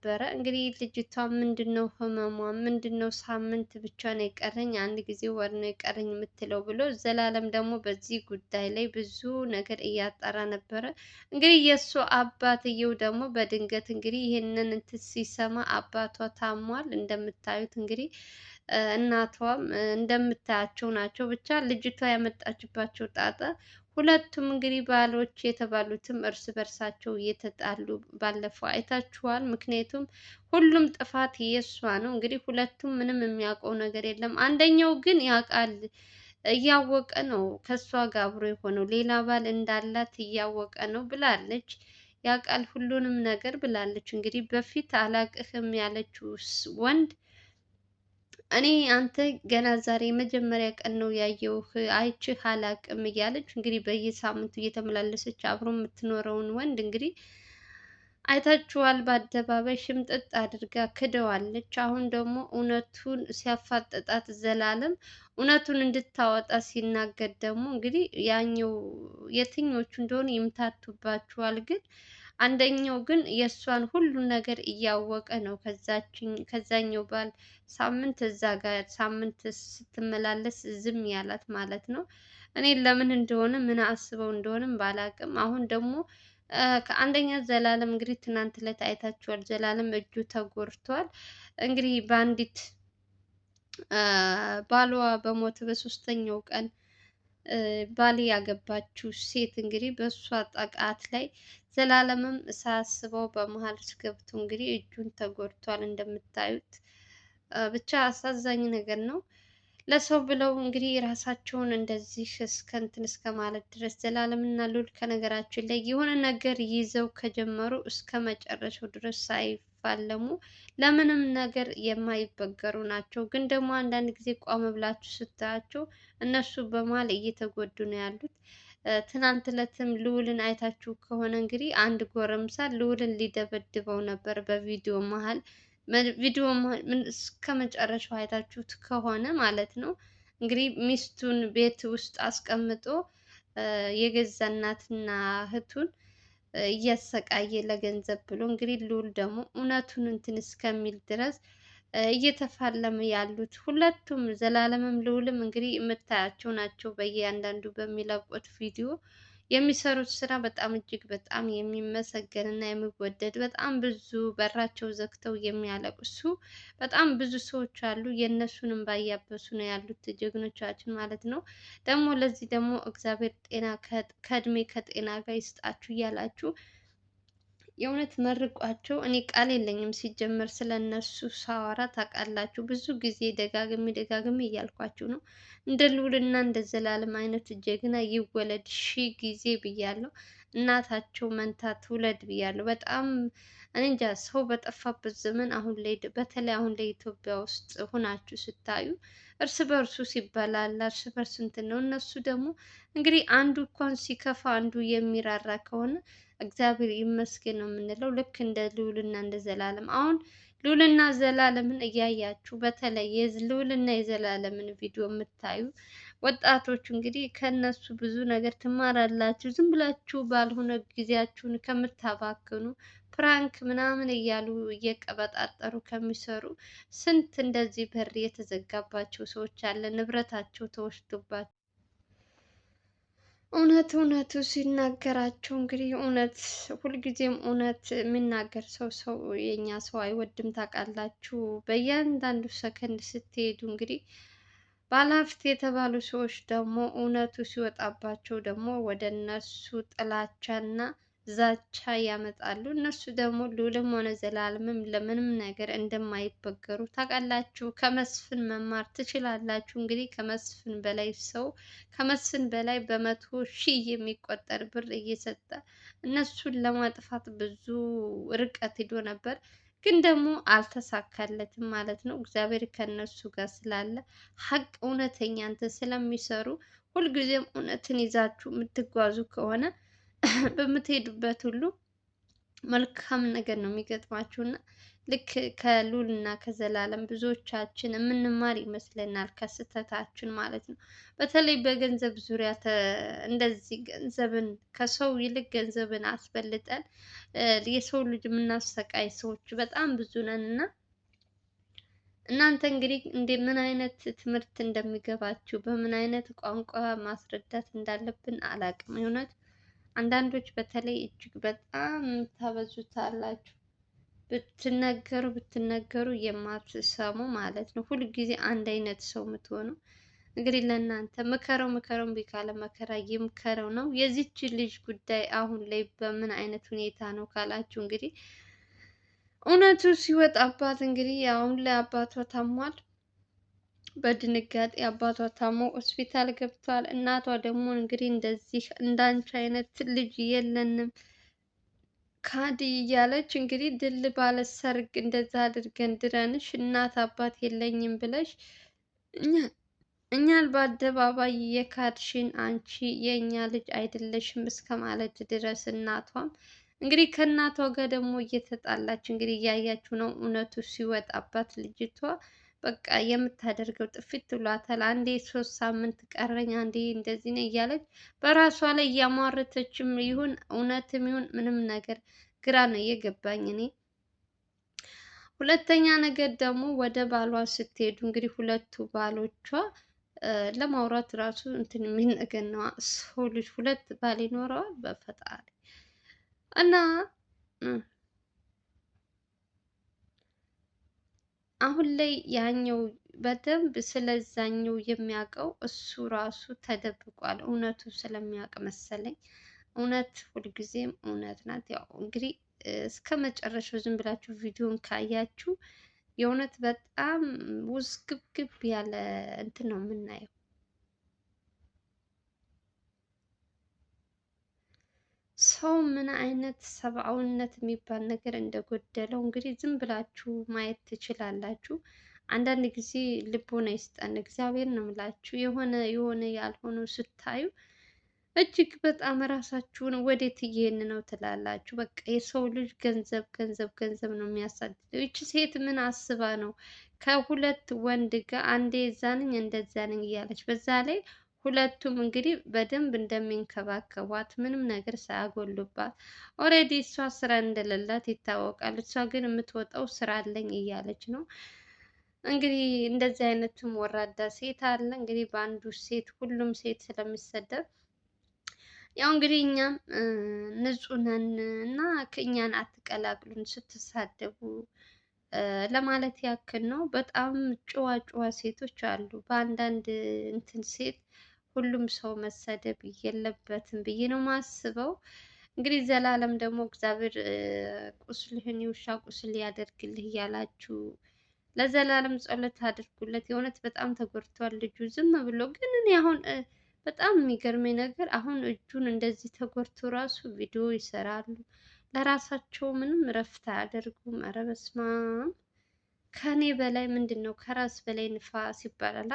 ነበረ። እንግዲህ ልጅቷ ምንድን ነው ህመሟ ምንድን ነው ሳምንት ብቻ ነው የቀረኝ፣ አንድ ጊዜ ወር ነው የቀረኝ የምትለው ብሎ ዘላለም ደግሞ በዚህ ጉዳይ ላይ ብዙ ነገር እያጣራ ነበረ። እንግዲህ የእሱ አባትየው ደግሞ በድንገት እንግዲህ ይህንን እንትን ሲሰማ አባቷ ታሟል። እንደምታዩት እንግዲህ እናቷም እንደምታያቸው ናቸው። ብቻ ልጅቷ ያመጣችባቸው ጣጣ ሁለቱም እንግዲህ ባሎች የተባሉትም እርስ በርሳቸው እየተጣሉ ባለፈው አይታችኋል። ምክንያቱም ሁሉም ጥፋት የእሷ ነው። እንግዲህ ሁለቱም ምንም የሚያውቀው ነገር የለም። አንደኛው ግን ያውቃል እያወቀ ነው ከእሷ ጋር አብሮ የሆነው ሌላ ባል እንዳላት እያወቀ ነው ብላለች። ያውቃል ሁሉንም ነገር ብላለች። እንግዲህ በፊት አላቅህም ያለችው ወንድ እኔ አንተ ገና ዛሬ የመጀመሪያ ቀን ነው ያየሁህ አይችህ አላቅም እያለች እንግዲህ በየሳምንቱ እየተመላለሰች አብሮ የምትኖረውን ወንድ እንግዲህ አይታችኋል። በአደባባይ ሽምጥጥ አድርጋ ክደዋለች። አሁን ደግሞ እውነቱን ሲያፋጠጣት ዘላለም እውነቱን እንድታወጣ ሲናገድ ደግሞ እንግዲህ ያኛው የትኞቹ እንደሆኑ ይምታቱባችኋል ግን አንደኛው ግን የእሷን ሁሉን ነገር እያወቀ ነው። ከዛኛው ባል ሳምንት እዛ ጋር ሳምንት ስትመላለስ ዝም ያላት ማለት ነው። እኔ ለምን እንደሆነ ምን አስበው እንደሆነም ባላቅም፣ አሁን ደግሞ ከአንደኛ ዘላለም እንግዲህ ትናንት ዕለት አይታችኋል። ዘላለም እጁ ተጎድቷል። እንግዲህ በአንዲት ባሏ በሞት በሶስተኛው ቀን ባል ያገባችው ሴት እንግዲህ በእሷ ጠቃት ላይ ዘላለምም ሳያስበው በመሀል ገብቶ እንግዲህ እጁን ተጎድቷል። እንደምታዩት ብቻ አሳዛኝ ነገር ነው። ለሰው ብለው እንግዲህ ራሳቸውን እንደዚህ እስከ እንትን እስከ ማለት ድረስ እና ሉል ከነገራችን ላይ የሆነ ነገር ይዘው ከጀመሩ እስከ መጨረሻው ድረስ ሳይ የሚፋለሙ ለምንም ነገር የማይበገሩ ናቸው። ግን ደግሞ አንዳንድ ጊዜ ቆም ብላችሁ ስታያቸው እነሱ በመሀል እየተጎዱ ነው ያሉት። ትናንት ዕለትም ልዑልን አይታችሁ ከሆነ እንግዲህ አንድ ጎረምሳ ልዑልን ሊደበድበው ነበር በቪዲዮ መሀል ቪዲዮ እስከ መጨረሻው አይታችሁት ከሆነ ማለት ነው። እንግዲህ ሚስቱን ቤት ውስጥ አስቀምጦ የገዛ እናትና እህቱን እያሰቃየ ለገንዘብ ብሎ እንግዲህ ልዑል ደግሞ እውነቱን እንትን እስከሚል ድረስ እየተፋለመ ያሉት ሁለቱም ዘላለምም ልዑልም እንግዲህ የምታያቸው ናቸው። በእያንዳንዱ በሚለቁት ቪዲዮ የሚሰሩት ስራ በጣም እጅግ በጣም የሚመሰገን እና የሚወደድ በጣም ብዙ በራቸው ዘግተው የሚያለቅሱ በጣም ብዙ ሰዎች አሉ። የእነሱንም ባያበሱ እያበሱ ነው ያሉት ጀግኖቻችን ማለት ነው። ደግሞ ለዚህ ደግሞ እግዚአብሔር ጤና ከእድሜ ከጤና ጋር ይስጣችሁ እያላችሁ የእውነት መርቋቸው። እኔ ቃል የለኝም ሲጀመር ስለ እነሱ ሳወራ ታውቃላችሁ። ብዙ ጊዜ ደጋግሜ ደጋግሜ እያልኳችሁ ነው። እንደ ልዑልና እንደ ዘላለም አይነት ጀግና ይወለድ ሺ ጊዜ ብያለሁ። እናታቸው መንታ ትውለድ ብያለሁ። በጣም እኔ እንጃ ሰው በጠፋበት ዘመን አሁን ላይ በተለይ አሁን ላይ ኢትዮጵያ ውስጥ ሆናችሁ ስታዩ እርስ በርሱ ሲበላል እርስ በርስ እንትን ነው። እነሱ ደግሞ እንግዲህ አንዱ እንኳን ሲከፋ አንዱ የሚራራ ከሆነ እግዚአብሔር ይመስገን ነው የምንለው። ልክ እንደ ልዑልና እንደ ዘላለም አሁን ልዑልና ዘላለምን እያያችሁ በተለይ ልዑልና የዘላለምን ቪዲዮ የምታዩ ወጣቶች እንግዲህ ከነሱ ብዙ ነገር ትማራላችሁ። ዝም ብላችሁ ባልሆነ ጊዜያችሁን ከምታባክኑ ፕራንክ ምናምን እያሉ እየቀበጣጠሩ ከሚሰሩ ስንት እንደዚህ በር የተዘጋባቸው ሰዎች አለ። ንብረታቸው ተወስዶባቸው እውነት እውነቱ ሲናገራቸው እንግዲህ እውነት ሁልጊዜም እውነት የሚናገር ሰው ሰው የኛ ሰው አይወድም። ታውቃላችሁ በእያንዳንዱ ሰከንድ ስትሄዱ እንግዲህ ባለሀብት የተባሉ ሰዎች ደግሞ እውነቱ ሲወጣባቸው ደግሞ ወደ እነሱ ጥላቻና ዛቻ ያመጣሉ። እነሱ ደግሞ ልዑልም ሆነ ዘላለምም ለምንም ነገር እንደማይበገሩ ታውቃላችሁ። ከመስፍን መማር ትችላላችሁ። እንግዲህ ከመስፍን በላይ ሰው ከመስፍን በላይ በመቶ ሺህ የሚቆጠር ብር እየሰጠ እነሱን ለማጥፋት ብዙ ርቀት ሂዶ ነበር ግን ደግሞ አልተሳካለትም ማለት ነው። እግዚአብሔር ከእነሱ ጋር ስላለ ሀቅ እውነተኛ እንትን ስለሚሰሩ ሁልጊዜም እውነትን ይዛችሁ የምትጓዙ ከሆነ በምትሄዱበት ሁሉ መልካም ነገር ነው የሚገጥማችሁ እና ልክ ከሉል እና ከዘላለም ብዙዎቻችን የምንማር ይመስለናል ከስህተታችን ማለት ነው። በተለይ በገንዘብ ዙሪያ እንደዚህ ገንዘብን ከሰው ይልቅ ገንዘብን አስበልጠን የሰው ልጅ የምናሰቃይ ሰዎች በጣም ብዙ ነን እና እናንተ እንግዲህ እንደ ምን አይነት ትምህርት እንደሚገባችሁ በምን አይነት ቋንቋ ማስረዳት እንዳለብን አላቅም። እውነት አንዳንዶች በተለይ እጅግ በጣም ታበዙታላችሁ። ብትነገሩ ብትነገሩ የማትሰሙ ማለት ነው። ሁልጊዜ አንድ አይነት ሰው የምትሆኑ እንግዲህ ለእናንተ ምከረው ምከረው እምቢ ካለ መከራ ይምከረው ነው። የዚች ልጅ ጉዳይ አሁን ላይ በምን አይነት ሁኔታ ነው ካላችሁ እንግዲህ እውነቱ ሲወጣባት እንግዲህ አሁን ላይ አባቷ ታሟል። በድንጋጤ አባቷ ታሞ ሆስፒታል ገብቷል። እናቷ ደግሞ እንግዲህ እንደዚህ እንዳንቺ አይነት ልጅ የለንም ካዲ እያለች እንግዲህ ድል ባለ ሰርግ እንደዛ አድርገን ድረንሽ እናት አባት የለኝም ብለሽ እኛን በአደባባይ የካድሽን አንቺ የእኛ ልጅ አይደለሽም እስከ ማለት ድረስ እናቷም እንግዲህ ከእናቷ ጋር ደግሞ እየተጣላች እንግዲህ እያያችሁ ነው እውነቱ ሲወጣባት ልጅቷ በቃ የምታደርገው ጥፊት ብሏታል። አንዴ ሶስት ሳምንት ቀረኝ፣ አንዴ እንደዚህ ነው እያለች በራሷ ላይ እያሟረተችም ይሁን እውነትም ይሁን ምንም ነገር ግራ ነው የገባኝ እኔ። ሁለተኛ ነገር ደግሞ ወደ ባሏ ስትሄዱ እንግዲህ ሁለቱ ባሎቿ ለማውራት ራሱ እንትን የሚል ነው። ሰው ልጅ ሁለት ባል ይኖረዋል በፈጣሪ እና አሁን ላይ ያኛው በደንብ ስለዛኛው የሚያውቀው እሱ ራሱ ተደብቋል። እውነቱ ስለሚያውቅ መሰለኝ። እውነት ሁልጊዜም እውነት ናት። ያው እንግዲህ እስከ መጨረሻው ዝም ብላችሁ ቪዲዮን ካያችሁ የእውነት በጣም ውዝግብግብ ያለ እንትን ነው የምናየው። ሰው ምን አይነት ሰብአዊነት የሚባል ነገር እንደጎደለው እንግዲህ ዝም ብላችሁ ማየት ትችላላችሁ። አንዳንድ ጊዜ ልቦና ይስጠን፣ እግዚአብሔር ነው የምላችሁ። የሆነ የሆነ ያልሆኑ ስታዩ እጅግ በጣም ራሳችሁን ወዴት እየሄድን ነው ትላላችሁ። በቃ የሰው ልጅ ገንዘብ ገንዘብ ገንዘብ ነው የሚያሳድደው። ይቺ ሴት ምን አስባ ነው ከሁለት ወንድ ጋር አንዴ እዛ ነኝ እንደዛ ነኝ እያለች በዛ ላይ ሁለቱም እንግዲህ በደንብ እንደሚንከባከቧት ምንም ነገር ሳያጎሉባት፣ ኦልሬዲ እሷ ስራ እንደሌላት ይታወቃል። እሷ ግን የምትወጣው ስራ አለኝ እያለች ነው። እንግዲህ እንደዚህ አይነቱም ወራዳ ሴት አለ። እንግዲህ በአንዱ ሴት ሁሉም ሴት ስለሚሰደብ ያው እንግዲህ እኛም ንጹህ ነን እና ከእኛን አትቀላቅሉን ስትሳደቡ ለማለት ያክል ነው። በጣም ጨዋ ሴቶች አሉ። በአንዳንድ እንትን ሴት ሁሉም ሰው መሰደብ የለበትም ብዬ ነው ማስበው። እንግዲህ ዘላለም ደግሞ እግዚአብሔር ቁስልህን የውሻ ቁስል ያደርግልህ እያላችሁ ለዘላለም ጸሎት አድርጉለት። የእውነት በጣም ተጎድቷል ልጁ ዝም ብሎ ግን እኔ አሁን በጣም የሚገርመኝ ነገር አሁን እጁን እንደዚህ ተጎድቶ ራሱ ቪዲዮ ይሰራሉ። ለራሳቸው ምንም እረፍት አያደርጉም። ኧረ በስመ አብ ከእኔ በላይ ምንድን ነው ከራስ በላይ ንፋስ ይባላል።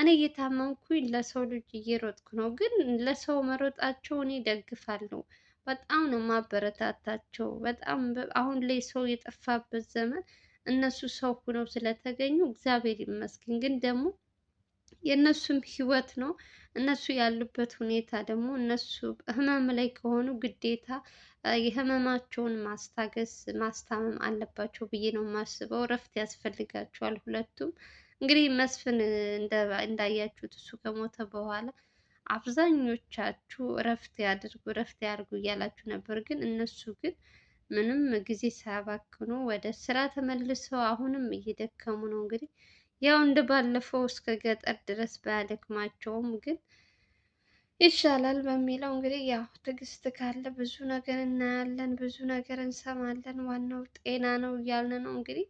እኔ እየታመምኩኝ ለሰው ልጅ እየሮጥኩ ነው፣ ግን ለሰው መሮጣቸው እኔ ደግፋለሁ። በጣም ነው ማበረታታቸው። በጣም አሁን ላይ ሰው የጠፋበት ዘመን እነሱ ሰው ሆነው ስለተገኙ እግዚአብሔር ይመስገን። ግን ደግሞ የእነሱም ህይወት ነው። እነሱ ያሉበት ሁኔታ ደግሞ እነሱ ህመም ላይ ከሆኑ ግዴታ የህመማቸውን ማስታገስ ማስታመም አለባቸው ብዬ ነው የማስበው። እረፍት ያስፈልጋቸዋል ሁለቱም። እንግዲህ መስፍን እንዳያችሁት እሱ ከሞተ በኋላ አብዛኞቻችሁ እረፍት ያድርጉ እረፍት ያድርጉ እያላችሁ ነበር። ግን እነሱ ግን ምንም ጊዜ ሳያባክኑ ወደ ስራ ተመልሰው አሁንም እየደከሙ ነው። እንግዲህ ያው እንደ ባለፈው እስከ ገጠር ድረስ ባያደክማቸውም ግን ይሻላል በሚለው እንግዲህ ያው ትዕግስት ካለ ብዙ ነገር እናያለን፣ ብዙ ነገር እንሰማለን። ዋናው ጤና ነው እያልን ነው እንግዲህ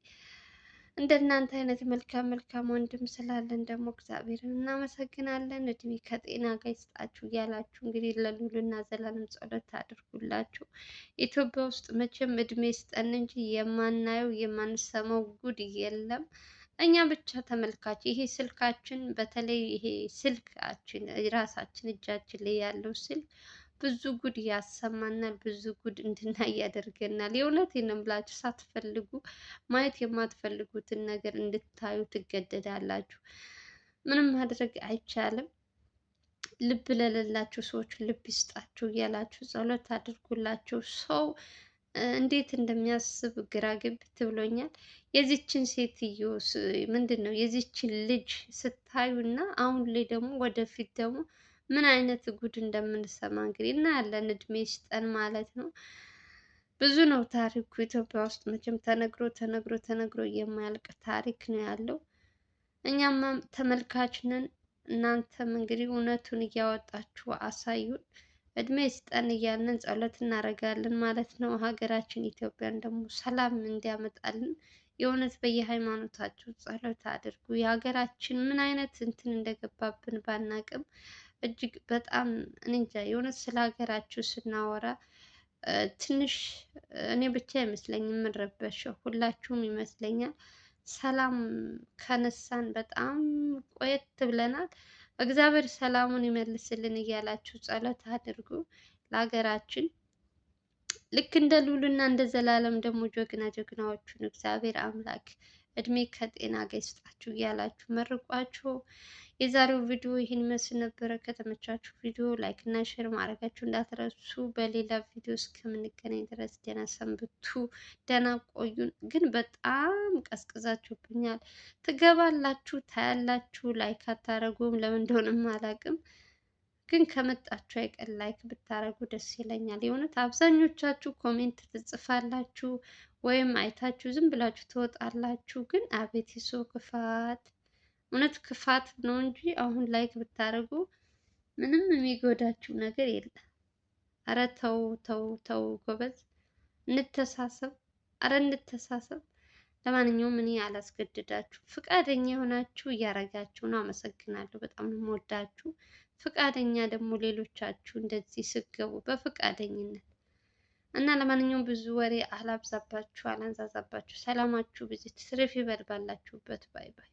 እንደናንተ አይነት መልካም መልካም ወንድም ስላለን ደግሞ እግዚአብሔርን እናመሰግናለን። እድሜ ከጤና ጋር ይስጣችሁ እያላችሁ እንግዲህ ለሉልና ዘላለም ጸሎት አድርጉላችሁ። ኢትዮጵያ ውስጥ መቼም እድሜ ይስጠን እንጂ የማናየው የማንሰማው ጉድ የለም። እኛ ብቻ ተመልካች ይሄ ስልካችን፣ በተለይ ይሄ ስልካችን ራሳችን እጃችን ላይ ያለው ስልክ ብዙ ጉድ ያሰማናል። ብዙ ጉድ እንድናይ ያደርገናል። የእውነት ነው ሳትፈልጉ ማየት የማትፈልጉትን ነገር እንድታዩ ትገደዳላችሁ። ምንም ማድረግ አይቻልም። ልብ ለሌላቸው ሰዎች ልብ ይስጣችሁ እያላችሁ ጸሎት አድርጉላችሁ። ሰው እንዴት እንደሚያስብ ግራ ግብት ብሎኛል። የዚችን ሴትዮ ምንድን ነው የዚችን ልጅ ስታዩና አሁን ላይ ደግሞ ወደፊት ደግሞ ምን አይነት ጉድ እንደምንሰማ እንግዲህ እናያለን። እድሜ ይስጠን ማለት ነው። ብዙ ነው ታሪኩ ኢትዮጵያ ውስጥ መቼም ተነግሮ ተነግሮ ተነግሮ የማያልቅ ታሪክ ነው ያለው። እኛም ተመልካች ነን፣ እናንተም እንግዲህ እውነቱን እያወጣችሁ አሳዩን። እድሜ ይስጠን እያልን ጸሎት እናደርጋለን ማለት ነው። ሀገራችን ኢትዮጵያን ደግሞ ሰላም እንዲያመጣልን የእውነት በየሃይማኖታችሁ ጸሎት አድርጉ። የሀገራችን ምን አይነት እንትን እንደገባብን ባናቅም እጅግ በጣም እኔ እንጃ የእውነት ስለ ሀገራችሁ ስናወራ ትንሽ እኔ ብቻ አይመስለኝም የምንረበሸው፣ ሁላችሁም ይመስለኛል። ሰላም ከነሳን በጣም ቆየት ብለናል። እግዚአብሔር ሰላሙን ይመልስልን እያላችሁ ጸሎት አድርጉ ለሀገራችን። ልክ እንደ ልዑልና እንደ ዘላለም ደግሞ ጀግና ጀግናዎቹን እግዚአብሔር አምላክ እድሜ ከጤና ጋር ይስጣችሁ እያላችሁ መርቋችሁ። የዛሬው ቪዲዮ ይህን ይመስል ነበረ። ከተመቻችሁ ቪዲዮ ላይክ እና ሼር ማድረጋችሁ እንዳትረሱ። በሌላ ቪዲዮ እስከምንገናኝ ድረስ ደህና ሰንብቱ፣ ደህና ቆዩን። ግን በጣም ቀዝቅዛችሁብኛል። ትገባላችሁ፣ ታያላችሁ፣ ላይክ አታረጉም። ለምን እንደሆነም አላውቅም። ግን ከመጣችሁ አይቀር ላይክ ብታረጉ ደስ ይለኛል። የእውነት አብዛኞቻችሁ ኮሜንት ትጽፋላችሁ ወይም አይታችሁ ዝም ብላችሁ ትወጣላችሁ። ግን አቤት የሰው ክፋት! እውነት ክፋት ነው እንጂ አሁን ላይክ ብታደርጉ ምንም የሚጎዳችሁ ነገር የለም። አረ ተው ተው ተው ጎበዝ፣ እንተሳሰብ። አረ እንተሳሰብ። ለማንኛውም እኔ አላስገድዳችሁ፣ ፍቃደኛ የሆናችሁ እያረጋችሁ ነው። አመሰግናለሁ። በጣም ነው የምወዳችሁ። ፍቃደኛ ደግሞ ሌሎቻችሁ እንደዚህ ስገቡ በፍቃደኝነት እና ለማንኛውም ብዙ ወሬ አላብዛባችሁ፣ አላንዛዛባችሁ። ሰላማችሁ ብዜት ስርፍ ይበል ባላችሁበት። ባይ ባይ።